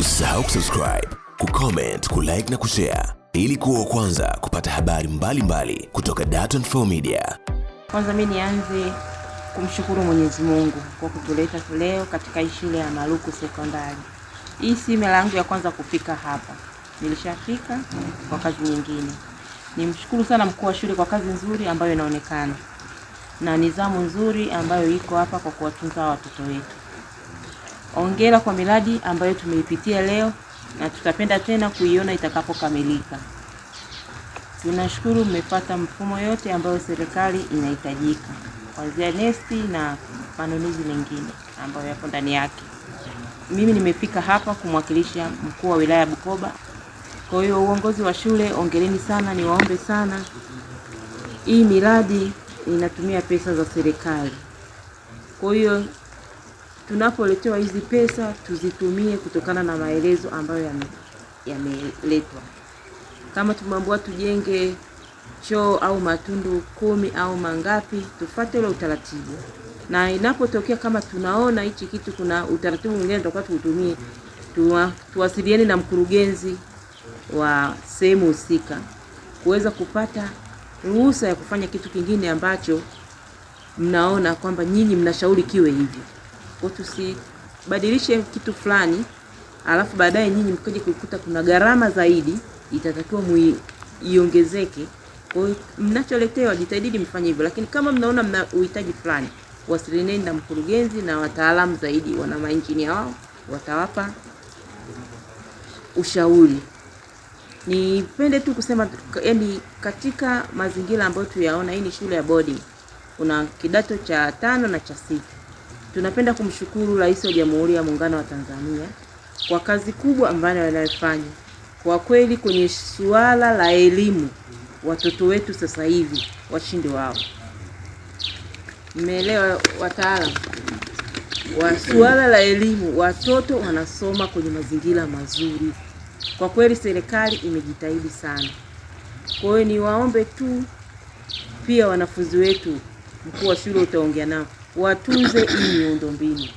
Usisahau kusubscribe, kucomment, kulike na kushare ili kuwa kwanza kupata habari mbalimbali mbali kutoka Dar24 Media. Kwanza mimi nianze kumshukuru Mwenyezi Mungu kwa kutuleta leo katika shule ya Maruku Sekondari. Hii si mara yangu ya kwanza kufika hapa, nilishafika kwa kazi nyingine. Nimshukuru sana mkuu wa shule kwa kazi nzuri ambayo inaonekana na nidhamu nzuri ambayo iko hapa kwa kuwatunza watoto wetu. Hongera kwa miradi ambayo tumeipitia leo na tutapenda tena kuiona itakapokamilika. Tunashukuru mmepata mfumo yote ambayo serikali inahitajika kuanzia nesti na manunuzi mengine ambayo yapo ndani yake. Mimi nimefika hapa kumwakilisha mkuu wa wilaya Bukoba. Kwa hiyo uongozi wa shule, ongereni sana, niwaombe sana, hii miradi inatumia pesa za serikali, kwa hiyo tunapoletewa hizi pesa tuzitumie kutokana na maelezo ambayo yameletwa. Kama tumeambiwa tujenge choo au matundu kumi au mangapi, tufate ule utaratibu, na inapotokea kama tunaona hichi kitu kuna utaratibu mwingine tutakuwa tuutumie, tuwasiliane na mkurugenzi wa sehemu husika kuweza kupata ruhusa ya kufanya kitu kingine ambacho mnaona kwamba nyinyi mnashauri kiwe hivyo kwa tusibadilishe kitu fulani alafu baadaye nyinyi mkoje kukuta kuna gharama zaidi itatakiwa muiongezeke. Kwa hiyo mnacholetewa jitahidi mfanye hivyo, lakini kama mnaona mna uhitaji fulani, wasilineni na mkurugenzi na wataalamu zaidi, wana mainjinia wao watawapa ushauri. Nipende tu kusema yani, katika mazingira ambayo tuyaona, hii ni shule ya boarding, kuna kidato cha tano na cha sita. Tunapenda kumshukuru Rais wa Jamhuri ya Muungano wa Tanzania kwa kazi kubwa ambayo anayofanya. Kwa kweli kwenye suala la elimu, watoto wetu sasa hivi washinde wao. Mmeelewa wataalam Wa suala la elimu, watoto wanasoma kwenye mazingira mazuri. Kwa kweli serikali imejitahidi sana. Kwa hiyo niwaombe tu pia wanafunzi wetu, mkuu wa shule utaongea nao watunze hii miundombinu,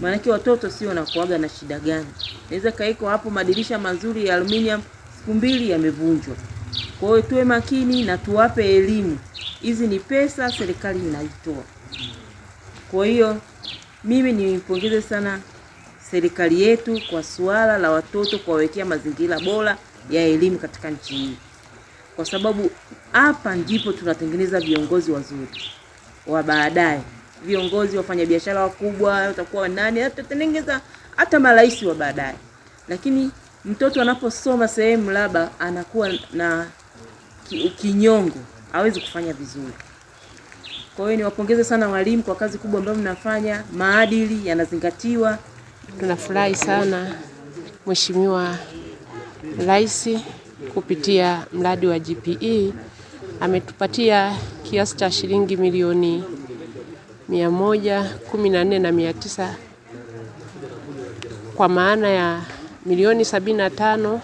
maanake watoto sio wanakuaga na shida gani. Naweza kaiko hapo madirisha mazuri ya aluminium, siku mbili yamevunjwa. Kwa hiyo tuwe makini na tuwape elimu. Hizi ni pesa serikali inaitoa. Kwa hiyo mimi nimpongeze sana serikali yetu kwa suala la watoto kuwawekea mazingira bora ya elimu katika nchi hii, kwa sababu hapa ndipo tunatengeneza viongozi wazuri wa baadaye viongozi, wafanyabiashara wakubwa, utakuwa nani, tutatengeneza hata marais wa baadaye. Lakini mtoto anaposoma sehemu labda anakuwa na kinyongo, hawezi kufanya vizuri. Kwa hiyo niwapongeze sana walimu kwa kazi kubwa ambayo mnafanya, maadili yanazingatiwa. Tunafurahi sana Mheshimiwa Rais kupitia mradi wa GPE ametupatia kiasi cha shilingi milioni mia moja kumi na nne na mia tisa kwa maana ya milioni sabini na tano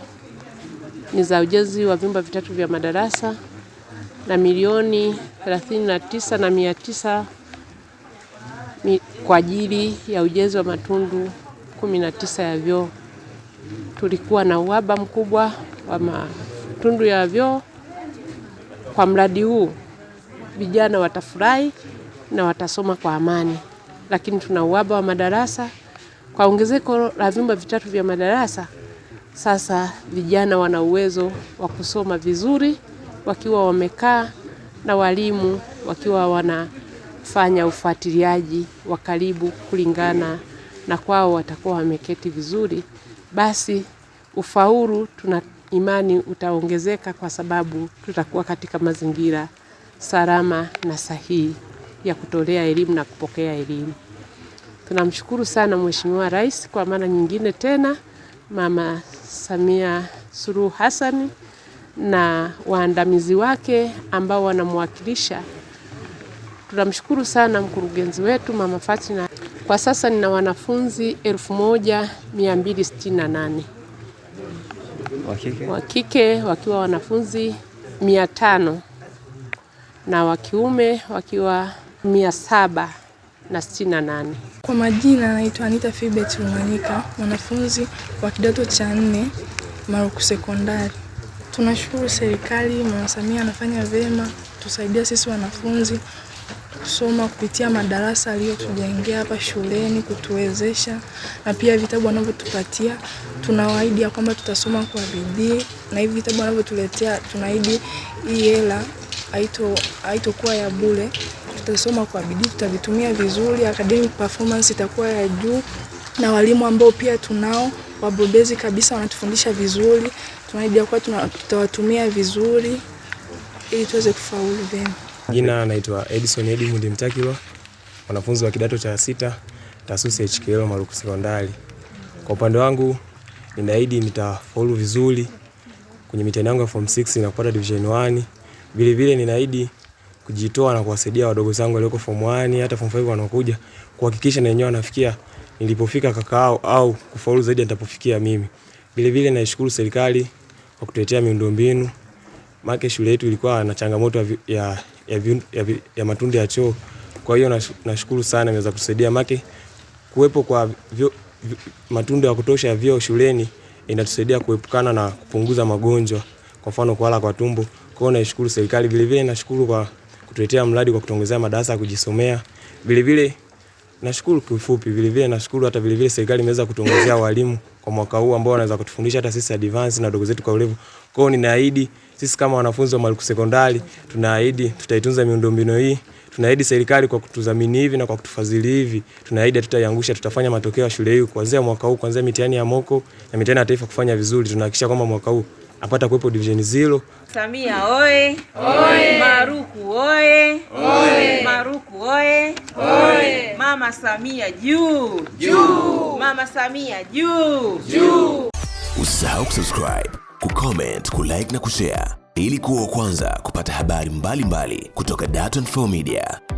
ni za ujenzi wa vyumba vitatu vya madarasa na milioni thelathini na tisa na mia tisa kwa ajili ya ujenzi wa matundu kumi na tisa ya vyoo. Tulikuwa na uhaba mkubwa wa matundu ya vyoo. Kwa mradi huu vijana watafurahi na watasoma kwa amani, lakini tuna uhaba wa madarasa. Kwa ongezeko la vyumba vitatu vya madarasa, sasa vijana wana uwezo wa kusoma vizuri wakiwa wamekaa na walimu wakiwa wanafanya ufuatiliaji wa karibu kulingana na kwao watakuwa wameketi vizuri, basi ufaulu tuna imani utaongezeka kwa sababu tutakuwa katika mazingira salama na sahihi ya kutolea elimu na kupokea elimu. Tunamshukuru sana Mheshimiwa Rais kwa mara nyingine tena, Mama Samia Suluhu Hassan na waandamizi wake ambao wanamwakilisha. Tunamshukuru sana mkurugenzi wetu Mama Fatina. Kwa sasa nina wanafunzi 1268 wa kike wakiwa wanafunzi 500 na wa kiume wakiwa mia saba na sitini na nane. Kwa majina naitwa Anita Fibet Rumanyika, mwanafunzi wa kidato cha nne Maruku Sekondari. Tunashukuru serikali, Mama Samia anafanya vyema, tusaidia sisi wanafunzi kusoma kupitia madarasa aliyotujengea hapa shuleni kutuwezesha, na pia vitabu wanavyotupatia. Tunawaahidi ya kwamba tutasoma kwa bidii, na hivi vitabu wanavyotuletea tunaahidi hii hela haitokuwa ya bure. Tutasoma kwa bidii, tutavitumia vizuri, academic performance itakuwa ya juu, na walimu ambao pia tunao wabobezi kabisa, wanatufundisha vizuri, tunaidia kuwa tutawatumia vizuri ili tuweze kufaulu vyema. Jina anaitwa Edison Edmund Mtakiwa, mwanafunzi wa kidato cha sita, taasisi HKL Maruku Sekondari. Kwa upande wangu ninaahidi nitafaulu vizuri kwenye mitihani yangu ya form 6 na kupata division 1. Vile vile ninaahidi kujitoa na kuwasaidia wadogo zangu walioko form 1 hata form 5 wanaokuja kuhakikisha na wenyewe wanafikia nilipofika kakao au kufaulu zaidi nitapofikia mimi. Vile vile naishukuru serikali kwa kutuletea miundombinu. Maana shule yetu ilikuwa na changamoto ya ya matundu ya choo. Kwa hiyo nashukuru sana imeweza kutusaidia maanake kuwepo kwa vyo, vyo, matundu ya kutosha ya vyoo shuleni inatusaidia kuepukana na kupunguza magonjwa kwa mfano kuhara kwa tumbo kwao. naishukuru serikali, vile vile nashukuru kwa kutuletea mradi kwa kutuongezea madarasa ya kujisomea. Vile vile nashukuru kiufupi, vile vile nashukuru hata vile vile serikali imeweza kutuongezea walimu kwa mwaka huu ambao wanaweza kutufundisha hata sisi advance na ndugu zetu kwa ulevu. Kwa hiyo ninaahidi sisi kama wanafunzi wa Maliku Sekondari tunaahidi tutaitunza miundombinu hii. Tunaahidi serikali kwa kutudhamini hivi na kwa kutufadhili hivi. Tunaahidi tutaiangusha, tutafanya matokeo ya shule hii kuanzia mwaka huu, kuanzia mitihani ya moko na mitihani ya taifa kufanya vizuri. Tunahakikisha kwamba mwaka huu apata kuwepo division zero. Samia oye! Maruku oye! Maruku oye! Mama Samia juu! Mama Samia juu! Usisahau kusubscribe, kucomment, kulike na kushare ili kuwa wa kwanza kupata habari mbalimbali mbali kutoka Dar24 Media.